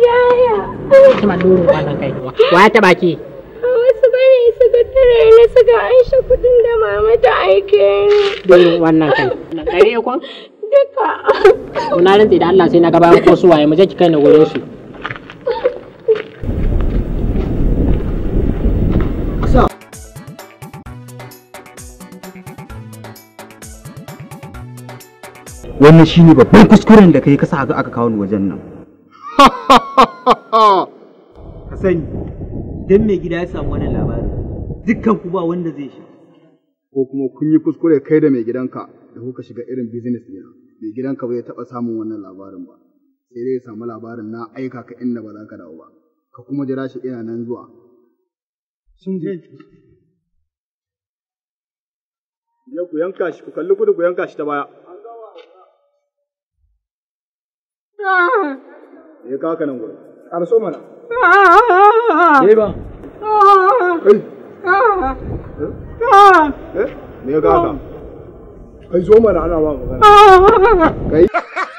Yaya. Kuma doro wannan kai kuma. Wa ta baki? Wasu bane suka tare ni suka anshe kudin da mama ta aike ni. Doro wannan kai. Na kare ko? Duka. Kuna ran da Allah sai na gaba ko su waye mu je ki kai na gurin su. wannan shine babban kuskuren da kai kasa aka kawo ni wajen nan Ka sani, don mai gida ya samu wani labarin, dukkan ku ba wanda zai sha. Ko kuma kun yi kuskure kai da mai gidanka da kuka shiga irin business ɗina, mai gidanka bai taɓa samun wannan labarin ba. Sai dai ya samu labarin na aika ka inda ba za ka dawo ba, ka kuma jira shi ina nan zuwa. Sun je. Ya ku yanka shi, ku kalli kudu ku yanka shi ta baya. Ah! Ya eh, kawo ka nan gurin. Ƙarso mana. Me ba? Eh? Eh? Me ya kawo Kai zo mana ana ba magana. Ah. Kai.